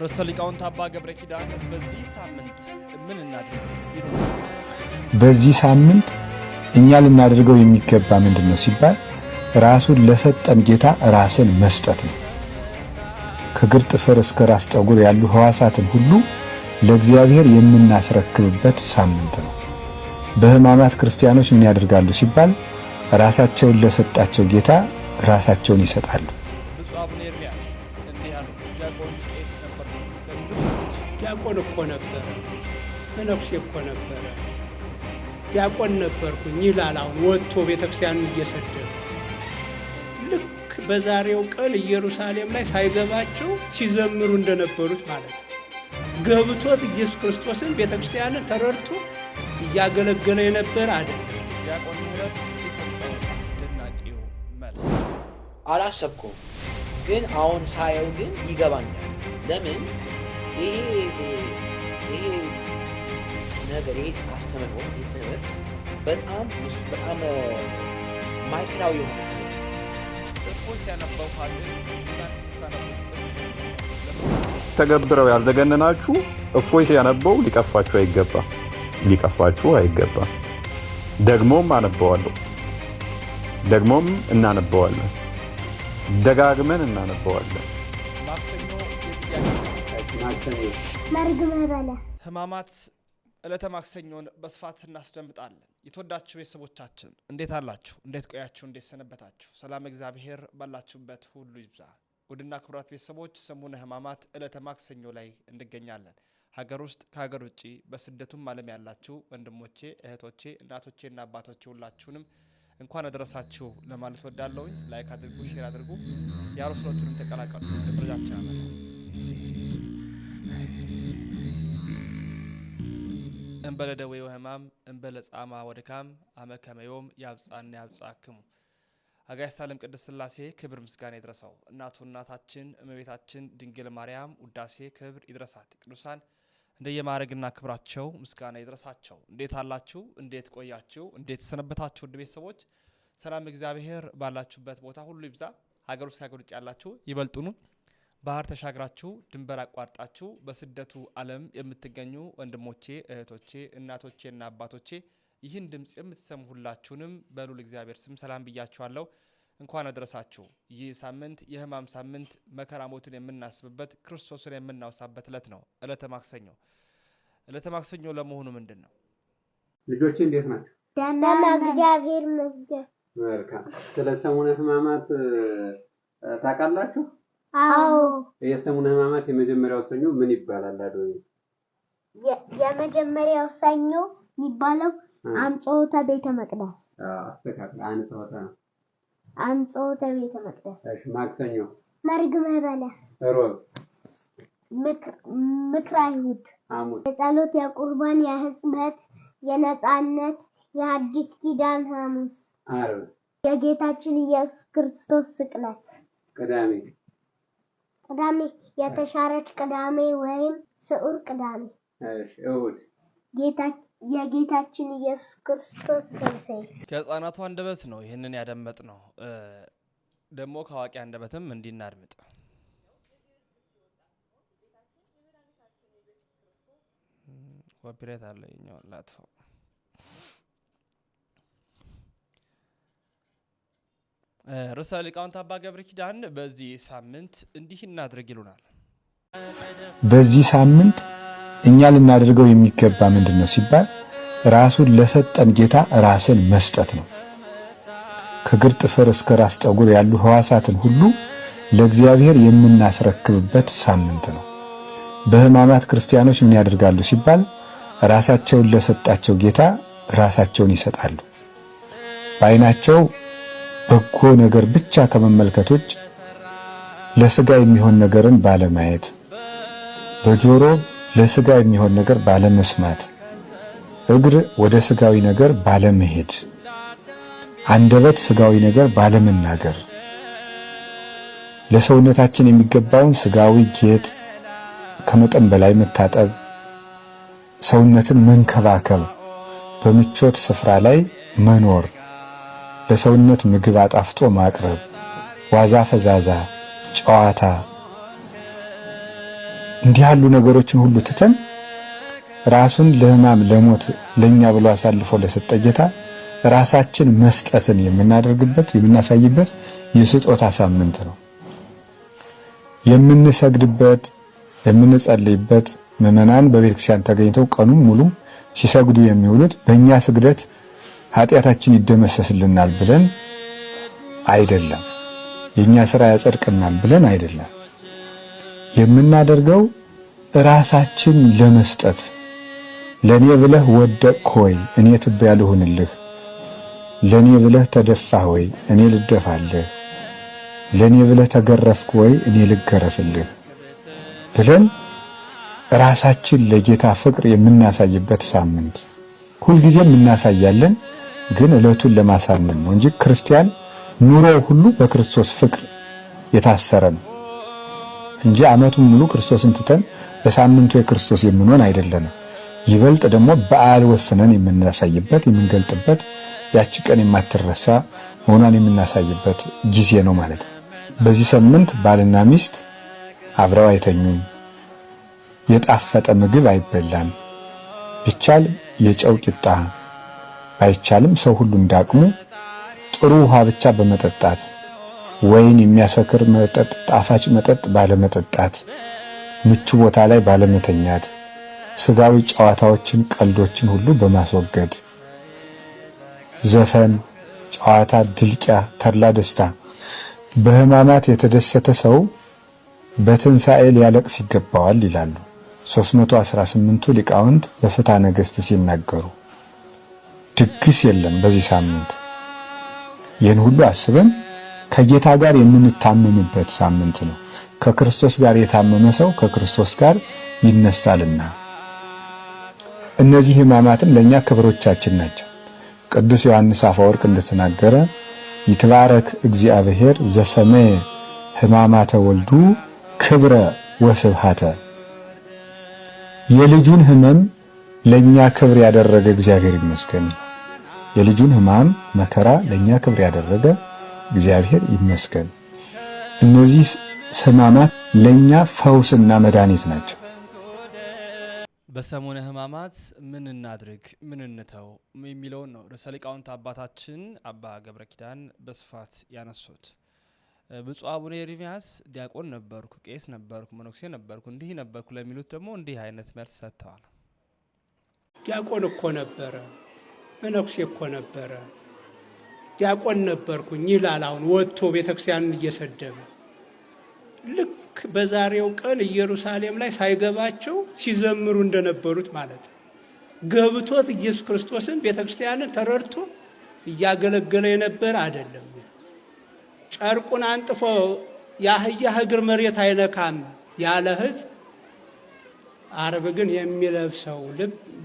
ርዕሰ ሊቃውንት አባ ገብረ ኪዳን በዚህ ሳምንት ምን እናድርግ? በዚህ ሳምንት እኛ ልናደርገው የሚገባ ምንድን ነው ሲባል ራሱን ለሰጠን ጌታ ራስን መስጠት ነው። ከእግር ጥፍር እስከ ራስ ጠጉር ያሉ ህዋሳትን ሁሉ ለእግዚአብሔር የምናስረክብበት ሳምንት ነው። በህማማት ክርስቲያኖች ምን ያደርጋሉ ሲባል ራሳቸውን ለሰጣቸው ጌታ ራሳቸውን ይሰጣሉ። ዲያቆን እኮ ነበረ፣ መነኩሴ እኮ ነበረ፣ ዲያቆን ነበርኩኝ ይላል። አሁን ወጥቶ ቤተክርስቲያን እየሰደበ ልክ በዛሬው ቀን ኢየሩሳሌም ላይ ሳይገባቸው ሲዘምሩ እንደነበሩት ማለት ነው። ገብቶት ኢየሱስ ክርስቶስን ቤተክርስቲያንን ተረድቶ እያገለገለ የነበረ አይደለም። አላሰብኩም፣ ግን አሁን ሳየው ግን ይገባኛል ለምን ይሄ ይሄ ነገር ይሄ አስተምህሮ ትምህርት በጣም ውስጥ በጣም ማይክራዊ የሆነ ተገብረው ያልተገነናችሁ እፎይ ሲያነበው ሊቀፋችሁ አይገባ ሊቀፋችሁ አይገባ። ደግሞም አነበዋለሁ፣ ደግሞም እናነበዋለን፣ ደጋግመን እናነበዋለን። ህማማት ዕለተ ማክሰኞን በስፋት እናስደምጣለን። የተወዳችሁ ቤተሰቦቻችን እንዴት አላችሁ? እንዴት ቆያችሁ? እንዴት ሰነበታችሁ? ሰላም እግዚአብሔር ባላችሁበት ሁሉ ይብዛ። ውድና ክቡራት ቤተሰቦች ሰሙነ ህማማት ዕለተ ማክሰኞ ላይ እንገኛለን። ሀገር ውስጥ ከሀገር ውጭ በስደቱም ዓለም ያላችሁ ወንድሞቼ፣ እህቶቼ፣ እናቶቼና አባቶቼ ሁላችሁንም እንኳን አደረሳችሁ ለማለት ወዳለውኝ። ላይክ አድርጉ፣ ሼር አድርጉ፣ የአሮስሎቹንም ተቀላቀሉ። ደረጃቸው ያመ እንበለ ደዌ ወሕማም እንበለ ጻማ ወድካም አመ ከመ ዮም ያብጻን ያብጻክሙ አጋዕዝተ ዓለም ቅድስት ሥላሴ ክብር ምስጋና ይድረሰው። እናቱ እናታችን እመቤታችን ድንግል ማርያም ውዳሴ ክብር ይድረሳት። ቅዱሳን እንደየማዕረግና ክብራቸው ምስጋና ይድረሳቸው። እንዴት አላችሁ? እንዴት ቆያችሁ? እንዴት ሰነበታችሁ? ውድ ቤተሰቦች ሰላም እግዚአብሔር ባላችሁበት ቦታ ሁሉ ይብዛ። ሀገር ውስጥ ሀገር ውጭ ያላችሁ ይበልጡኑ ባህር ተሻግራችሁ ድንበር አቋርጣችሁ በስደቱ ዓለም የምትገኙ ወንድሞቼ፣ እህቶቼ፣ እናቶቼና አባቶቼ ይህን ድምፅ የምትሰሙ ሁላችሁንም በሉል እግዚአብሔር ስም ሰላም ብያችኋለሁ። እንኳን አደረሳችሁ። ይህ ሳምንት የህማም ሳምንት መከራ ሞትን የምናስብበት ክርስቶስን የምናውሳበት ዕለት ነው። ዕለተ ማክሰኞ ዕለተ ማክሰኞ ለመሆኑ ምንድን ነው? ልጆች እንዴት ናቸው? ደህና እግዚአብሔር ይመስገን። መልካም። ስለ ሰሙነ ታውቃላችሁ? አዎ። የሰሙነ ሕማማት የመጀመሪያው ሰኞ ምን ይባላል? አዶኒ የመጀመሪያው ሰኞ የሚባለው አንጾተ ቤተ መቅደስ። አስተካክል። አንጾተ ነው። አንጾተ ቤተ መቅደስ። እሺ። ማክሰኞ መርግመ በለስ። ሮብ ምክረ አይሁድ። ሐሙስ የጸሎት የቁርባን የሕጽበት የነጻነት የአዲስ ኪዳን ሐሙስ። ዓርብ የጌታችን ኢየሱስ ክርስቶስ ስቅለት። ቅዳሜ ቅዳሜ የተሻረች ቅዳሜ ወይም ስዑር ቅዳሜ እሑድ የጌታችን ኢየሱስ ክርስቶስ ትንሣኤ። ከህፃናቱ አንደበት ነው ይህንን ያደመጥ ነው። ደግሞ ከአዋቂ አንደበትም እንዲናድምጥ ኮፒሬት አለ ኛው ላጥፈው ርዕሰ ሊቃውንት አባ ገብረ ኪዳን በዚህ ሳምንት እንዲህ እናድርግ ይሉናል። በዚህ ሳምንት እኛ ልናደርገው የሚገባ ምንድን ነው ሲባል ራሱን ለሰጠን ጌታ ራስን መስጠት ነው። ከእግር ጥፍር እስከ ራስ ጠጉር ያሉ ህዋሳትን ሁሉ ለእግዚአብሔር የምናስረክብበት ሳምንት ነው። በህማማት ክርስቲያኖች ምን ያደርጋሉ ሲባል ራሳቸውን ለሰጣቸው ጌታ ራሳቸውን ይሰጣሉ። በዓይናቸው በጎ ነገር ብቻ ውጭ ለስጋ የሚሆን ነገርን ባለማየት በጆሮ ለስጋ የሚሆን ነገር ባለመስማት እግር ወደ ስጋዊ ነገር ባለመሄድ አንደበት ስጋዊ ነገር ባለመናገር ለሰውነታችን የሚገባውን ስጋዊ ጌጥ ከመጠን በላይ መታጠብ፣ ሰውነትን መንከባከብ፣ በምቾት ስፍራ ላይ መኖር ለሰውነት ምግብ አጣፍጦ ማቅረብ፣ ዋዛ ፈዛዛ፣ ጨዋታ እንዲህ ያሉ ነገሮችን ሁሉ ትተን ራሱን ለሕማም ለሞት ለእኛ ብሎ አሳልፎ ለሰጠ ጌታ ራሳችን መስጠትን የምናደርግበት የምናሳይበት የስጦታ ሳምንት ነው። የምንሰግድበት የምንጸልይበት ምዕመናን በቤተክርስቲያን ተገኝተው ቀኑን ሙሉ ሲሰግዱ የሚውሉት በእኛ ስግደት ኃጢአታችን ይደመሰስልናል ብለን አይደለም፣ የእኛ ሥራ ያጸድቅናል ብለን አይደለም። የምናደርገው ራሳችን ለመስጠት ለኔ ብለህ ወደቅ ሆይ እኔ ትቢያ ልሁንልህ፣ ለኔ ብለህ ተደፋህ ሆይ እኔ ልደፋልህ፣ ለኔ ብለህ ተገረፍክ ወይ እኔ ልገረፍልህ ብለን ራሳችን ለጌታ ፍቅር የምናሳይበት ሳምንት ሁልጊዜም እናሳያለን። ግን ዕለቱን ለማሳመን ነው እንጂ ክርስቲያን ኑሮ ሁሉ በክርስቶስ ፍቅር የታሰረ ነው እንጂ ዓመቱን ሙሉ ክርስቶስን ትተን በሳምንቱ የክርስቶስ የምንሆን አይደለንም። ይበልጥ ደግሞ በዓል ወስነን የምናሳይበት የምንገልጥበት ያቺ ቀን የማትረሳ መሆኗን የምናሳይበት ጊዜ ነው ማለት ነው። በዚህ ሳምንት ባልና ሚስት አብረው አይተኙም፣ የጣፈጠ ምግብ አይበላም፣ ቢቻል የጨው ቂጣ ባይቻልም ሰው ሁሉ እንዳቅሙ ጥሩ ውሃ ብቻ በመጠጣት ወይን የሚያሰክር መጠጥ፣ ጣፋጭ መጠጥ ባለመጠጣት፣ ምቹ ቦታ ላይ ባለመተኛት፣ ስጋዊ ጨዋታዎችን፣ ቀልዶችን ሁሉ በማስወገድ ዘፈን፣ ጨዋታ፣ ድልቂያ፣ ተድላ ደስታ በሕማማት የተደሰተ ሰው በትንሣኤ ሊያለቅስ ይገባዋል ይላሉ 318ቱ ሊቃውንት በፍትሐ ነገሥት ሲናገሩ ድግስ የለም በዚህ ሳምንት። ይህን ሁሉ አስበን ከጌታ ጋር የምንታመምበት ሳምንት ነው። ከክርስቶስ ጋር የታመመ ሰው ከክርስቶስ ጋር ይነሳልና። እነዚህ ሕማማትም ለእኛ ክብሮቻችን ናቸው። ቅዱስ ዮሐንስ አፈወርቅ እንደተናገረ ይትባረክ እግዚአብሔር ዘሰመ ሕማማተ ወልዱ ክብረ ወስብሃተ፣ የልጁን ሕመም ለእኛ ክብር ያደረገ እግዚአብሔር ይመስገን። የልጁን ሕማም መከራ ለእኛ ክብር ያደረገ እግዚአብሔር ይመስገን። እነዚህ ሕማማት ለእኛ ፈውስና መድኃኒት ናቸው። በሰሙነ ሕማማት ምን እናድርግ፣ ምን እንተው የሚለውን ነው ርዕሰ ሊቃውንት አባታችን አባ ገብረ ኪዳን በስፋት ያነሱት። ብፁዕ አቡነ ኤርምያስ ዲያቆን ነበርኩ፣ ቄስ ነበርኩ፣ መነኩሴ ነበርኩ፣ እንዲህ ነበርኩ ለሚሉት ደግሞ እንዲህ አይነት መልስ ሰጥተዋል። ዲያቆን እኮ ነበረ መነኩሴ እኮ ነበረ ዲያቆን ነበርኩኝ ይላል። አሁን ወጥቶ ቤተክርስቲያንን እየሰደበ ልክ በዛሬው ቀን ኢየሩሳሌም ላይ ሳይገባቸው ሲዘምሩ እንደነበሩት ማለት ነው። ገብቶት ኢየሱስ ክርስቶስን ቤተክርስቲያንን ተረድቶ እያገለገለ የነበረ አይደለም። ጨርቁን አንጥፎ የአህያ እግር መሬት አይነካም ያለ ሕዝብ አርብ ግን የሚለብሰው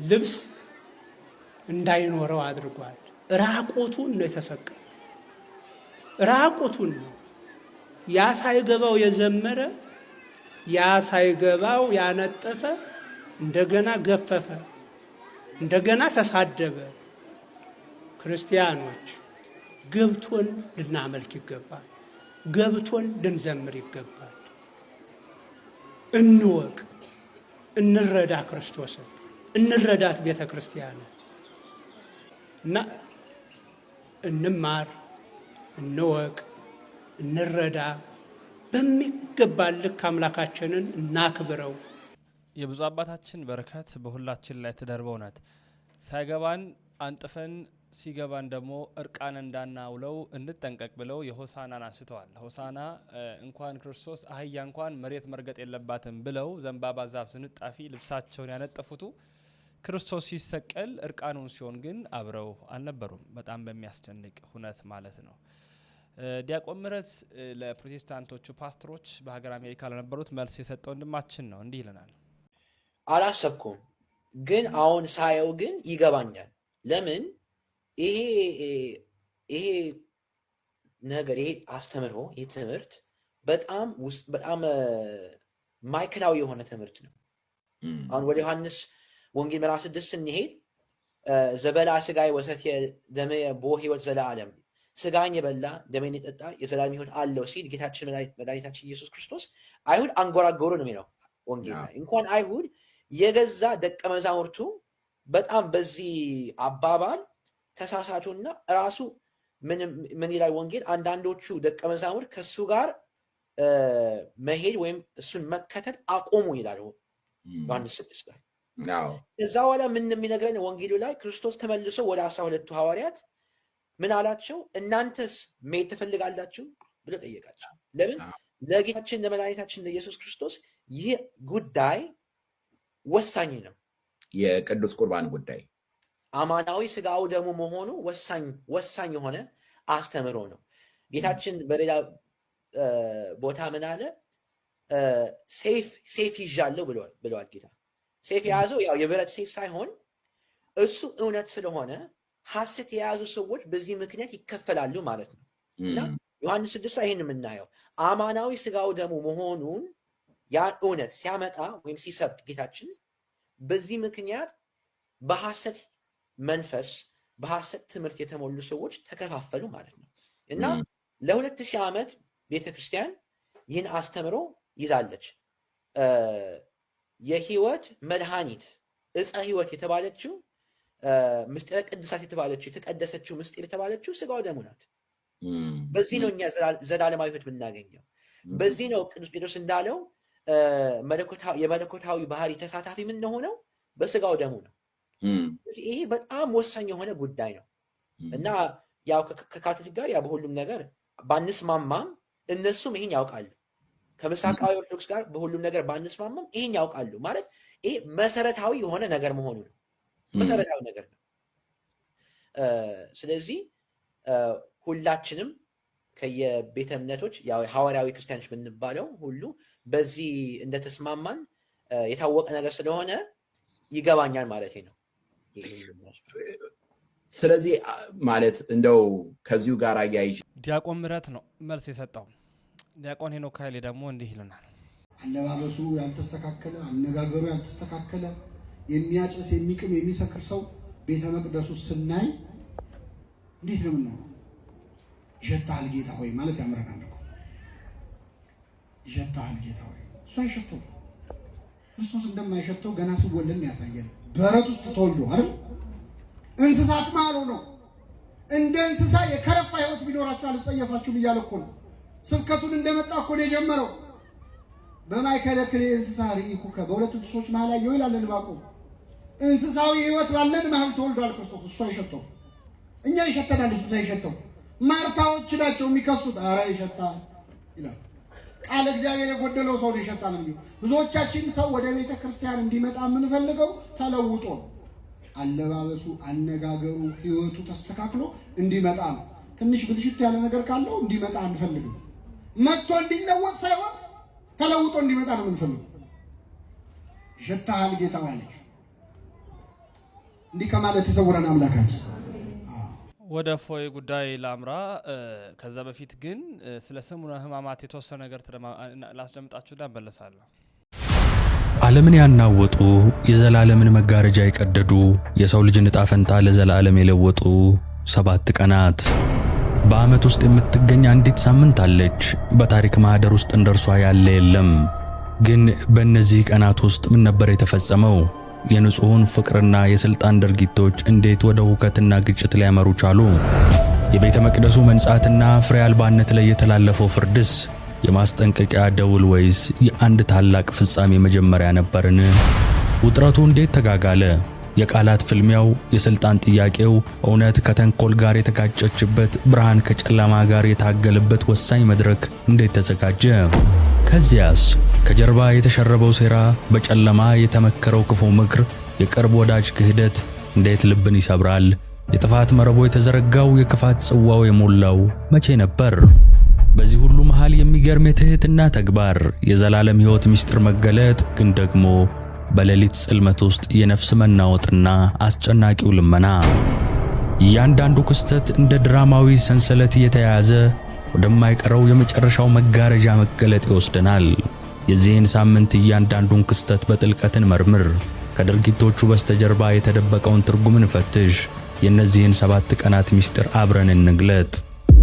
ልብስ እንዳይኖረው አድርጓል። ራቁቱን ነው የተሰቀለ። ራቁቱን ነው ያ ሳይገባው የዘመረ ያ ሳይገባው ያነጠፈ እንደገና ገፈፈ፣ እንደገና ተሳደበ። ክርስቲያኖች ገብቶን ልናመልክ ይገባል። ገብቶን ልንዘምር ይገባል። እንወቅ፣ እንረዳ ክርስቶስን፣ እንረዳት ቤተ ክርስቲያንን። እና እንማር፣ እንወቅ፣ እንረዳ በሚገባ ልክ አምላካችንን እናክብረው። የብዙ አባታችን በረከት በሁላችን ላይ ትደርበው ናት። ሳይገባን አንጥፈን ሲገባን ደግሞ እርቃን እንዳናውለው እንጠንቀቅ ብለው የሆሳናን አንስተዋል። ሆሳና እንኳን ክርስቶስ አህያ እንኳን መሬት መርገጥ የለባትም ብለው ዘንባባ ዛፍ ስንጣፊ ልብሳቸውን ያነጠፉቱ ክርስቶስ ሲሰቀል እርቃኑን ሲሆን ግን አብረው አልነበሩም። በጣም በሚያስደንቅ ሁነት ማለት ነው። ዲያቆን ምህረት ለፕሮቴስታንቶቹ ፓስተሮች በሀገር አሜሪካ ለነበሩት መልስ የሰጠ ወንድማችን ነው። እንዲህ ይለናል። አላሰብኩም፣ ግን አሁን ሳየው ግን ይገባኛል። ለምን ይሄ ይሄ ነገር ይሄ አስተምሮ ይህ ትምህርት በጣም በጣም ማዕከላዊ የሆነ ትምህርት ነው። አሁን ወደ ዮሐንስ ወንጌል ምዕራፍ ስድስት ስንሄድ ዘበላ ስጋይ ወሰት ደሜ ቦ ህይወት ዘለዓለም ስጋን የበላ ደሜን የጠጣ የዘላለም ህይወት አለው ሲል ጌታችን መድኃኒታችን ኢየሱስ ክርስቶስ አይሁድ አንጎራጎሩ ነው የሚለው ወንጌል ላይ እንኳን አይሁድ የገዛ ደቀ መዛሙርቱ በጣም በዚህ አባባል ተሳሳቱና ራሱ ምን ይላል ወንጌል አንዳንዶቹ ደቀ መዛሙር ከእሱ ጋር መሄድ ወይም እሱን መከተል አቆሙ ይላል ዮሐንስ ስድስት ላይ እዛ በኋላ ምን የሚነግረን ወንጌሉ ላይ ክርስቶስ ተመልሶ ወደ አስራ ሁለቱ ሐዋርያት ምን አላቸው? እናንተስ መሄድ ትፈልጋላችሁ ብሎ ጠየቃቸው። ለምን ለጌታችን ለመድኃኒታችን ለኢየሱስ ክርስቶስ ይህ ጉዳይ ወሳኝ ነው። የቅዱስ ቁርባን ጉዳይ አማናዊ ስጋው ደግሞ መሆኑ ወሳኝ ወሳኝ የሆነ አስተምሮ ነው። ጌታችን በሌላ ቦታ ምን አለ? ሴፍ ይዣለሁ ብለዋል ጌታ ሴፍ የያዘው ያው የብረት ሴፍ ሳይሆን እሱ እውነት ስለሆነ ሐሰት የያዙ ሰዎች በዚህ ምክንያት ይከፈላሉ ማለት ነው እና ዮሐንስ ስድስት ላይ ይህን የምናየው አማናዊ ስጋው ደሙ መሆኑን ያን እውነት ሲያመጣ ወይም ሲሰብክ ጌታችን በዚህ ምክንያት በሐሰት መንፈስ በሐሰት ትምህርት የተሞሉ ሰዎች ተከፋፈሉ ማለት ነው እና ለሁለት ሺህ ዓመት ቤተክርስቲያን ይህን አስተምሮ ይዛለች። የህይወት መድኃኒት እፀ ህይወት የተባለችው ምስጢረ ቅዱሳት የተባለችው የተቀደሰችው ምስጢር የተባለችው ስጋው ደሙ ናት። በዚህ ነው እኛ ዘላለማዊ ህይወት የምናገኘው። በዚህ ነው ቅዱስ ጴጥሮስ እንዳለው የመለኮታዊ ባህሪ ተሳታፊ የምንሆነው በስጋው ደሙ ነው። ይሄ በጣም ወሳኝ የሆነ ጉዳይ ነው እና ያው ከካቶሊክ ጋር ያ በሁሉም ነገር ባንስማማም እነሱም ይህን ያውቃሉ። ከምስራቃዊ ኦርቶዶክስ ጋር በሁሉም ነገር ባንስማማም ይህን ያውቃሉ ማለት ይህ መሰረታዊ የሆነ ነገር መሆኑ ነው። መሰረታዊ ነገር ነው። ስለዚህ ሁላችንም ከየቤተ እምነቶች ሐዋርያዊ ክርስቲያኖች የምንባለው ሁሉ በዚህ እንደተስማማን የታወቀ ነገር ስለሆነ ይገባኛል ማለት ነው። ስለዚህ ማለት እንደው ከዚሁ ጋር አያይ ዲያቆን ምረት ነው መልስ የሰጠው። ዲያቆን ሄኖክ ኃይሌ ደግሞ እንዲህ ይለናል። አለባበሱ ያልተስተካከለ፣ አነጋገሩ ያልተስተካከለ፣ የሚያጭስ የሚቅም የሚሰክር ሰው ቤተ መቅደሱ ስናይ እንዴት ነው የምንሆነው? ይሸታል ጌታ ሆይ ማለት ያምረናል ይሸታል ጌታ ሆይ። እሱ አይሸተው ክርስቶስ እንደማይሸተው ገና ስወልን ያሳየን። በረት ውስጥ ተወልዶ አይደል እንስሳት ማሉ ነው። እንደ እንስሳ የከረፋ ህይወት ቢኖራችሁ አልጸየፋችሁም እያለ እኮ ነው ስብከቱን እንደመጣ እኮ ነው የጀመረው። በማይከለ ክልኤ እንስሳ ርኢኩከ በሁለቱ እንስሶች መሃል አየሁ ይላል ዕንባቆም። እንስሳዊ ህይወት ባለን መሀል ተወልዷል ክርስቶስ። እሱ አይሸተው፣ እኛ ይሸተናል፣ እሱ ሳይሸተው። ማርታዎች ናቸው የሚከሱት፣ ኧረ ይሸጣ ይላል ቃል እግዚአብሔር የጎደለው ሰው ነው ብዙዎቻችን ሰው ወደ ቤተ ክርስቲያን እንዲመጣ የምንፈልገው ተለውጦ አለባበሱ፣ አነጋገሩ፣ ህይወቱ ተስተካክሎ እንዲመጣ ነው። ትንሽ ብልሽት ያለ ነገር ካለው እንዲመጣ አንፈልግም። መጥቶ እንዲለወጥ ሳይሆን ተለውጦ እንዲመጣ ነው የምንፈልገው። ሸታሃል ጌታ ማለች እንዲህ ከማለት ይሰውረን አምላካችን። ወደ እፎይ ጉዳይ ላምራ። ከዛ በፊት ግን ስለ ሰሙነ ሕማማት የተወሰነ ነገር ላስደምጣችሁና እመለሳለሁ። ዓለምን ያናወጡ የዘላለምን መጋረጃ የቀደዱ የሰው ልጅን ዕጣ ፈንታ ለዘላለም የለወጡ ሰባት ቀናት በዓመት ውስጥ የምትገኝ አንዲት ሳምንት አለች። በታሪክ ማህደር ውስጥ እንደርሷ ያለ የለም። ግን በእነዚህ ቀናት ውስጥ ምን ነበር የተፈጸመው? የንጹሑን ፍቅርና የሥልጣን ድርጊቶች እንዴት ወደ ሁከትና ግጭት ሊያመሩ ቻሉ? የቤተ መቅደሱ መንጻትና ፍሬ አልባነት ላይ የተላለፈው ፍርድስ የማስጠንቀቂያ ደውል ወይስ የአንድ ታላቅ ፍጻሜ መጀመሪያ ነበርን? ውጥረቱ እንዴት ተጋጋለ? የቃላት ፍልሚያው፣ የስልጣን ጥያቄው፣ እውነት ከተንኮል ጋር የተጋጨችበት፣ ብርሃን ከጨለማ ጋር የታገለበት ወሳኝ መድረክ እንዴት ተዘጋጀ? ከዚያስ ከጀርባ የተሸረበው ሴራ፣ በጨለማ የተመከረው ክፉ ምክር፣ የቅርብ ወዳጅ ክህደት እንዴት ልብን ይሰብራል! የጥፋት መረቦ የተዘረጋው፣ የክፋት ጽዋው የሞላው መቼ ነበር? በዚህ ሁሉ መሃል የሚገርም የትህትና ተግባር፣ የዘላለም ሕይወት ምስጢር መገለጥ ግን ደግሞ በሌሊት ጽልመት ውስጥ የነፍስ መናወጥና አስጨናቂው ልመና። እያንዳንዱ ክስተት እንደ ድራማዊ ሰንሰለት እየተያያዘ ወደማይቀረው የመጨረሻው መጋረጃ መገለጥ ይወስደናል። የዚህን ሳምንት እያንዳንዱን ክስተት በጥልቀት እንመርምር። ከድርጊቶቹ በስተጀርባ የተደበቀውን ትርጉም እንፈትሽ። የእነዚህን ሰባት ቀናት ምስጢር አብረን እንግለጥ።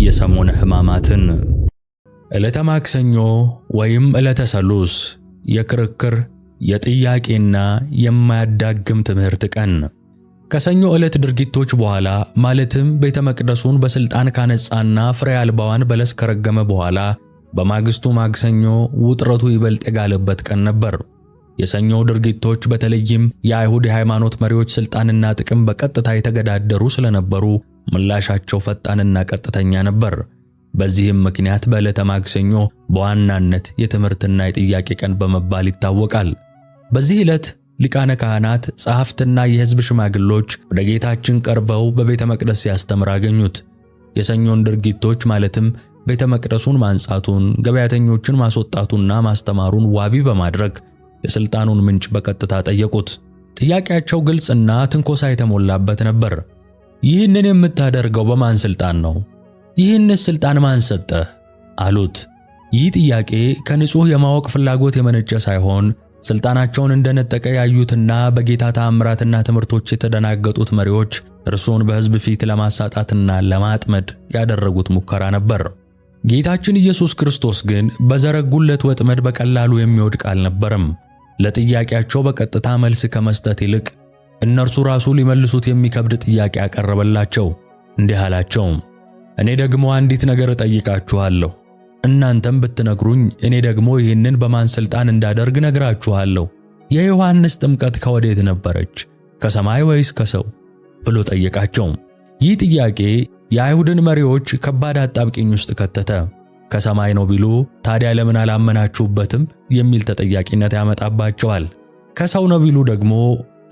የሰሞነ ሕማማትን ዕለተ ማክሰኞ ወይም ዕለተ ሰሉስ የክርክር የጥያቄና የማያዳግም ትምህርት ቀን። ከሰኞ ዕለት ድርጊቶች በኋላ ማለትም ቤተ መቅደሱን በሥልጣን ካነጻና ፍሬ አልባዋን በለስ ከረገመ በኋላ በማግስቱ ማክሰኞ ውጥረቱ ይበልጥ የጋለበት ቀን ነበር። የሰኞው ድርጊቶች በተለይም የአይሁድ የሃይማኖት መሪዎች ሥልጣንና ጥቅም በቀጥታ የተገዳደሩ ስለነበሩ ምላሻቸው ፈጣንና ቀጥተኛ ነበር። በዚህም ምክንያት በዕለተ ማክሰኞ በዋናነት የትምህርትና የጥያቄ ቀን በመባል ይታወቃል። በዚህ ዕለት ሊቃነ ካህናት፣ ጸሐፍትና የሕዝብ ሽማግሎች ወደ ጌታችን ቀርበው በቤተ መቅደስ ሲያስተምር አገኙት። የሰኞን ድርጊቶች ማለትም ቤተ መቅደሱን ማንጻቱን፣ ገበያተኞችን ማስወጣቱና ማስተማሩን ዋቢ በማድረግ የሥልጣኑን ምንጭ በቀጥታ ጠየቁት። ጥያቄያቸው ግልጽና ትንኮሳ የተሞላበት ነበር። ይህንን የምታደርገው በማን ሥልጣን ነው? ይህንስ ሥልጣን ማን ሰጠህ? አሉት። ይህ ጥያቄ ከንጹሕ የማወቅ ፍላጎት የመነጨ ሳይሆን ሥልጣናቸውን እንደነጠቀ ያዩትና በጌታ ተአምራትና ትምህርቶች የተደናገጡት መሪዎች እርሱን በሕዝብ ፊት ለማሳጣትና ለማጥመድ ያደረጉት ሙከራ ነበር። ጌታችን ኢየሱስ ክርስቶስ ግን በዘረጉለት ወጥመድ በቀላሉ የሚወድቅ አልነበረም። ለጥያቄያቸው በቀጥታ መልስ ከመስጠት ይልቅ እነርሱ ራሱ ሊመልሱት የሚከብድ ጥያቄ አቀረበላቸው። እንዲህ አላቸው፣ እኔ ደግሞ አንዲት ነገር እጠይቃችኋለሁ እናንተም ብትነግሩኝ እኔ ደግሞ ይህንን በማን ሥልጣን እንዳደርግ ነግራችኋለሁ። የዮሐንስ ጥምቀት ከወዴት ነበረች? ከሰማይ ወይስ ከሰው? ብሎ ጠየቃቸው። ይህ ጥያቄ የአይሁድን መሪዎች ከባድ አጣብቂኝ ውስጥ ከተተ። ከሰማይ ነው ቢሉ ታዲያ ለምን አላመናችሁበትም የሚል ተጠያቂነት ያመጣባቸዋል። ከሰው ነው ቢሉ ደግሞ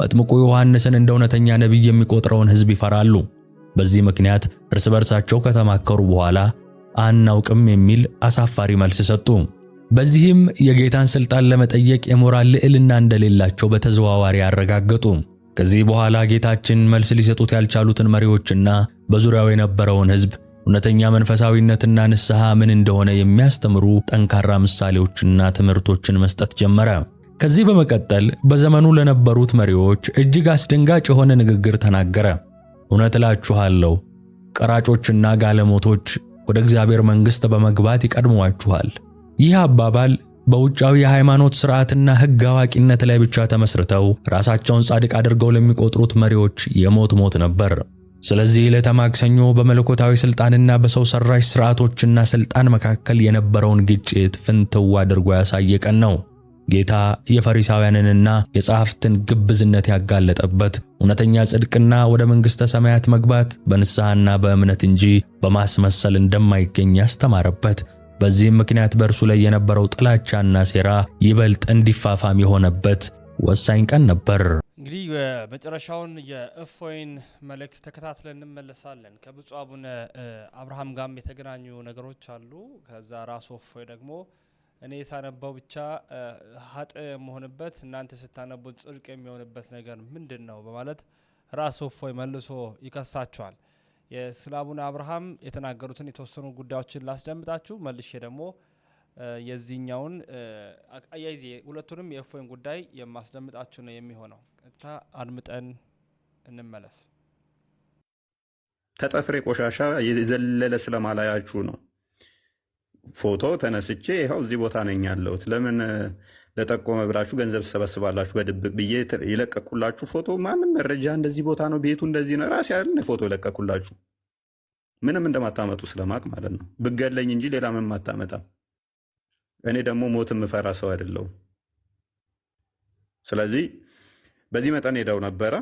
መጥምቁ ዮሐንስን እንደ እውነተኛ ነቢይ የሚቆጥረውን ሕዝብ ይፈራሉ። በዚህ ምክንያት እርስ በርሳቸው ከተማከሩ በኋላ አናውቅም የሚል አሳፋሪ መልስ ሰጡ። በዚህም የጌታን ሥልጣን ለመጠየቅ የሞራል ልዕልና እንደሌላቸው በተዘዋዋሪ አረጋገጡ። ከዚህ በኋላ ጌታችን መልስ ሊሰጡት ያልቻሉትን መሪዎችና በዙሪያው የነበረውን ሕዝብ እውነተኛ መንፈሳዊነትና ንስሐ ምን እንደሆነ የሚያስተምሩ ጠንካራ ምሳሌዎችና ትምህርቶችን መስጠት ጀመረ። ከዚህ በመቀጠል በዘመኑ ለነበሩት መሪዎች እጅግ አስደንጋጭ የሆነ ንግግር ተናገረ። እውነት እላችኋለሁ ቀራጮችና ጋለሞቶች ወደ እግዚአብሔር መንግሥት በመግባት ይቀድሟችኋል። ይህ አባባል በውጫዊ የሃይማኖት ሥርዓትና ሕግ አዋቂነት ላይ ብቻ ተመስርተው ራሳቸውን ጻድቅ አድርገው ለሚቆጥሩት መሪዎች የሞት ሞት ነበር። ስለዚህ ዕለተ ማክሰኞ በመለኮታዊ ሥልጣንና በሰው ሠራሽ ሥርዓቶችና ሥልጣን መካከል የነበረውን ግጭት ፍንትው አድርጎ ያሳየ ቀን ነው። ጌታ የፈሪሳውያንንና የጸሐፍትን ግብዝነት ያጋለጠበት እውነተኛ ጽድቅና ወደ መንግሥተ ሰማያት መግባት በንስሐና በእምነት እንጂ በማስመሰል እንደማይገኝ ያስተማረበት፣ በዚህም ምክንያት በእርሱ ላይ የነበረው ጥላቻና ሴራ ይበልጥ እንዲፋፋም የሆነበት ወሳኝ ቀን ነበር። እንግዲህ የመጨረሻውን የእፎይን መልእክት ተከታትለን እንመለሳለን። ከብፁዕ አቡነ አብርሃም ጋርም የተገናኙ ነገሮች አሉ። ከዛ ራሱ እፎይ ደግሞ እኔ ሳነባው ብቻ ሀጥ የመሆንበት እናንተ ስታነቡ ጽድቅ የሚሆንበት ነገር ምንድን ነው? በማለት ራስ እፎይ መልሶ ይከሳቸዋል። ስለ አቡነ አብርሃም የተናገሩትን የተወሰኑ ጉዳዮችን ላስደምጣችሁ። መልሼ ደግሞ የዚህኛውን አያይዜ ሁለቱንም የእፎይን ጉዳይ የማስደምጣችሁ ነው የሚሆነው። ቀጥታ አድምጠን እንመለስ። ተጠፍሬ ቆሻሻ የዘለለ ስለማላያችሁ ነው ፎቶ ተነስቼ ይኸው እዚህ ቦታ ነኝ ያለሁት፣ ለምን ለጠቆመ ብላችሁ ገንዘብ ትሰበስባላችሁ በድብቅ ብዬ የለቀኩላችሁ ፎቶ ማንም መረጃ እንደዚህ ቦታ ነው ቤቱ እንደዚህ ነው ራሴ ያለ ፎቶ የለቀኩላችሁ ምንም እንደማታመጡ ስለማቅ ማለት ነው። ብገለኝ እንጂ ሌላ ምንም አታመጣም። እኔ ደግሞ ሞት የምፈራ ሰው አይደለሁም። ስለዚህ በዚህ መጠን ሄደው ነበረ።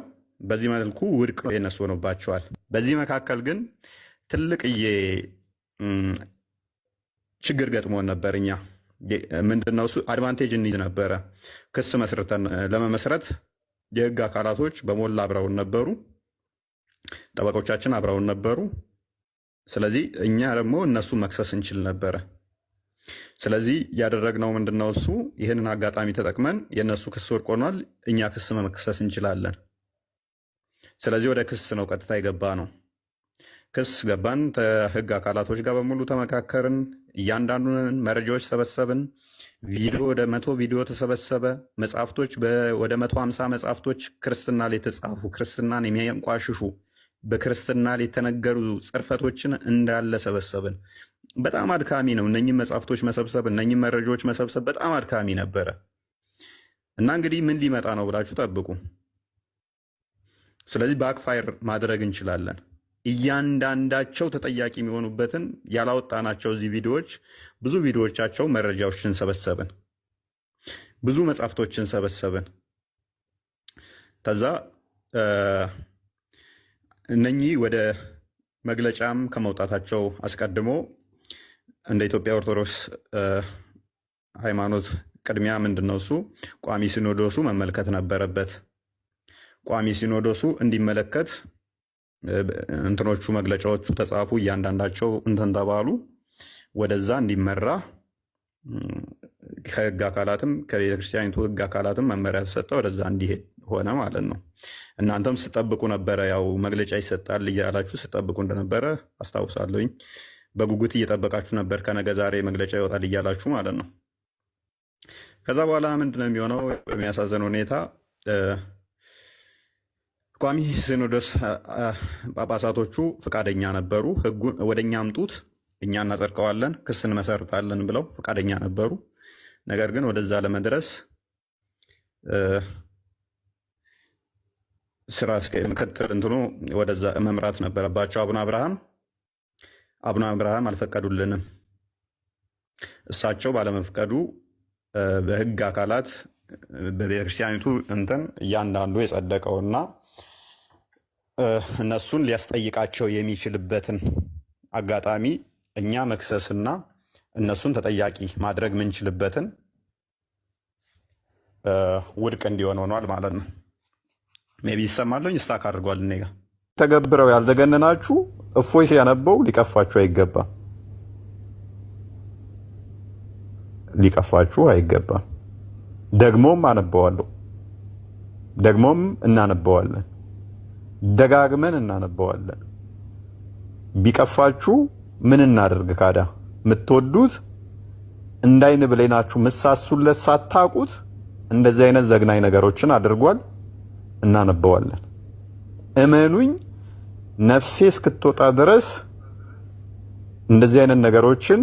በዚህ መልኩ ውድቅ የነሱ ሆኖባቸዋል። በዚህ መካከል ግን ትልቅዬ ችግር ገጥሞን ነበር። እኛ ምንድነው እሱ አድቫንቴጅ እንይዝ ነበረ። ክስ መስርተን ለመመስረት የህግ አካላቶች በሞላ አብረውን ነበሩ፣ ጠበቆቻችን አብረውን ነበሩ። ስለዚህ እኛ ደግሞ እነሱ መክሰስ እንችል ነበረ። ስለዚህ ያደረግነው ምንድነው እሱ ይህንን አጋጣሚ ተጠቅመን የእነሱ ክስ ወድቅ ሆኗል፣ እኛ ክስ መክሰስ እንችላለን። ስለዚህ ወደ ክስ ነው ቀጥታ የገባ ነው። ክስ ገባን፣ ከህግ አካላቶች ጋር በሙሉ ተመካከርን፣ እያንዳንዱን መረጃዎች ሰበሰብን። ቪዲዮ ወደ መቶ ቪዲዮ ተሰበሰበ። መጽሐፍቶች ወደ መቶ ሀምሳ መጽሐፍቶች ክርስትና ላይ የተጻፉ ክርስትናን የሚያንቋሽሹ በክርስትና ላይ የተነገሩ ጽርፈቶችን እንዳለ ሰበሰብን። በጣም አድካሚ ነው። እነኝም መጽሐፍቶች መሰብሰብ እነኝም መረጃዎች መሰብሰብ በጣም አድካሚ ነበረ እና እንግዲህ ምን ሊመጣ ነው ብላችሁ ጠብቁ። ስለዚህ ባክፋይር ማድረግ እንችላለን። እያንዳንዳቸው ተጠያቂ የሚሆኑበትን ያላወጣናቸው እዚህ ቪዲዮዎች ብዙ ቪዲዮዎቻቸው መረጃዎችን ሰበሰብን፣ ብዙ መጽሐፍቶችን ሰበሰብን። ከዛ እነኚህ ወደ መግለጫም ከመውጣታቸው አስቀድሞ እንደ ኢትዮጵያ ኦርቶዶክስ ሃይማኖት ቅድሚያ ምንድን ነው እሱ ቋሚ ሲኖዶሱ መመልከት ነበረበት። ቋሚ ሲኖዶሱ እንዲመለከት እንትኖቹ መግለጫዎቹ ተጻፉ፣ እያንዳንዳቸው እንትን ተባሉ። ወደዛ እንዲመራ ከህግ አካላትም ከቤተክርስቲያኒቱ ህግ አካላትም መመሪያ ተሰጠ፣ ወደዛ እንዲሄድ ሆነ ማለት ነው። እናንተም ስጠብቁ ነበረ፣ ያው መግለጫ ይሰጣል እያላችሁ ስጠብቁ እንደነበረ አስታውሳለሁኝ። በጉጉት እየጠበቃችሁ ነበር፣ ከነገ ዛሬ መግለጫ ይወጣል እያላችሁ ማለት ነው። ከዛ በኋላ ምንድነው የሚሆነው? የሚያሳዝን ሁኔታ ቋሚ ሲኖዶስ ጳጳሳቶቹ ፈቃደኛ ነበሩ። ህጉን ወደ እኛ አምጡት፣ እኛ እናጸድቀዋለን፣ ክስ እንመሰርታለን ብለው ፈቃደኛ ነበሩ። ነገር ግን ወደዛ ለመድረስ ስራ ምክትል እንትኑ ወደዛ መምራት ነበረባቸው። አቡነ አብርሃም አቡነ አብርሃም አልፈቀዱልንም። እሳቸው ባለመፍቀዱ በህግ አካላት በቤተክርስቲያኒቱ እንትን እያንዳንዱ የጸደቀውና እነሱን ሊያስጠይቃቸው የሚችልበትን አጋጣሚ እኛ መክሰስና እነሱን ተጠያቂ ማድረግ ምንችልበትን ውድቅ እንዲሆን ሆኗል ማለት ነው። ሜቢ ይሰማለኝ ስታክ አድርጓል። እኔ ጋር ተገብረው ያልዘገነናችሁ እፎይ ሲያነበው ሊቀፋችሁ አይገባም፣ ሊቀፋችሁ አይገባም። ደግሞም አነበዋለሁ፣ ደግሞም እናነበዋለን። ደጋግመን እናነበዋለን። ቢቀፋችሁ ምን እናደርግ ካዳ የምትወዱት እንዳይን ብሌናችሁ ምሳሱለት ሳታቁት እንደዚህ አይነት ዘግናኝ ነገሮችን አድርጓል። እናነበዋለን። እመኑኝ ነፍሴ እስክትወጣ ድረስ እንደዚህ አይነት ነገሮችን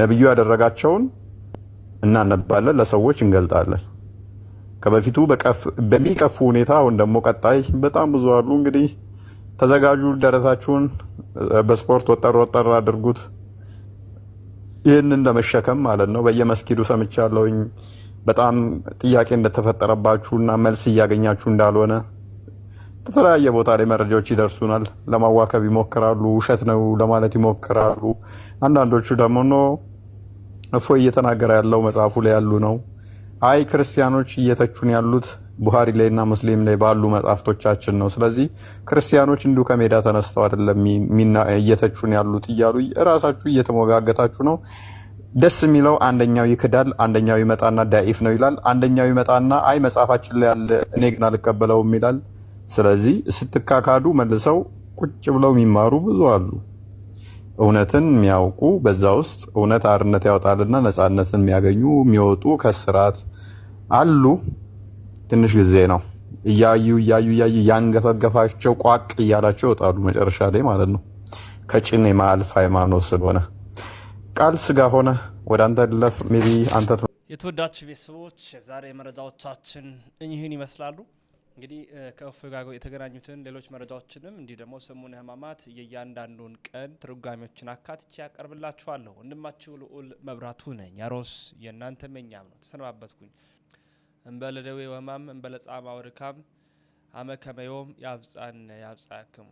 ነብዩ ያደረጋቸውን እናነባለን፣ ለሰዎች እንገልጣለን። ከበፊቱ በሚቀፉ ሁኔታ አሁን ደግሞ ቀጣይ በጣም ብዙ አሉ። እንግዲህ ተዘጋጁ፣ ደረታችሁን በስፖርት ወጠር ወጠር አድርጉት። ይህንን ለመሸከም ማለት ነው። በየመስጊዱ ሰምቻለሁኝ በጣም ጥያቄ እንደተፈጠረባችሁ እና መልስ እያገኛችሁ እንዳልሆነ በተለያየ ቦታ ላይ መረጃዎች ይደርሱናል። ለማዋከብ ይሞክራሉ፣ ውሸት ነው ለማለት ይሞክራሉ። አንዳንዶቹ ደግሞ ኖ እፎይ እየተናገረ ያለው መጽሐፉ ላይ ያሉ ነው አይ ክርስቲያኖች እየተቹን ያሉት ቡሃሪ ላይ እና ሙስሊም ላይ ባሉ መጽሐፍቶቻችን ነው። ስለዚህ ክርስቲያኖች እንዲሁ ከሜዳ ተነስተው አይደለም እየተቹን ያሉት እያሉ እራሳችሁ እየተሞጋገታችሁ ነው። ደስ የሚለው አንደኛው ይክዳል፣ አንደኛው ይመጣና ዳኢፍ ነው ይላል። አንደኛው ይመጣና አይ መጽሐፋችን ላይ ያለ እኔ ግን አልቀበለውም ይላል። ስለዚህ ስትካካዱ መልሰው ቁጭ ብለው የሚማሩ ብዙ አሉ። እውነትን የሚያውቁ በዛ ውስጥ እውነት አርነት ያወጣልና ነፃነትን የሚያገኙ የሚወጡ ከስርዓት አሉ። ትንሽ ጊዜ ነው እያዩ እያዩ እያዩ ያንገፈገፋቸው ቋቅ እያላቸው ይወጣሉ። መጨረሻ ላይ ማለት ነው ከጭን የማልፍ ሃይማኖት ስለሆነ ቃል ስጋ ሆነ። ወደ አንተ ልለፍ። ሜይ ቢ አንተ የተወዳችሁ ቤተሰቦች የዛሬ መረጃዎቻችን እኚህን ይመስላሉ። እንግዲህ ከእፎይ ጋር የተገናኙትን ሌሎች መረጃዎችንም እንዲህ ደግሞ ሰሙነ ሕማማት የእያንዳንዱን ቀን ትርጓሜዎችን አካትቼ ያቀርብላችኋለሁ። ወንድማችሁ ልዑል መብራቱ ነኝ። ያሮስ የእናንተ መኛም ነው። ተሰነባበትኩኝ። እንበለ ደዌ ወሕማም እንበለ ጻማ ወድካም አመ ከመ ዮም ያብጽሐነ ያብጽሕክሙ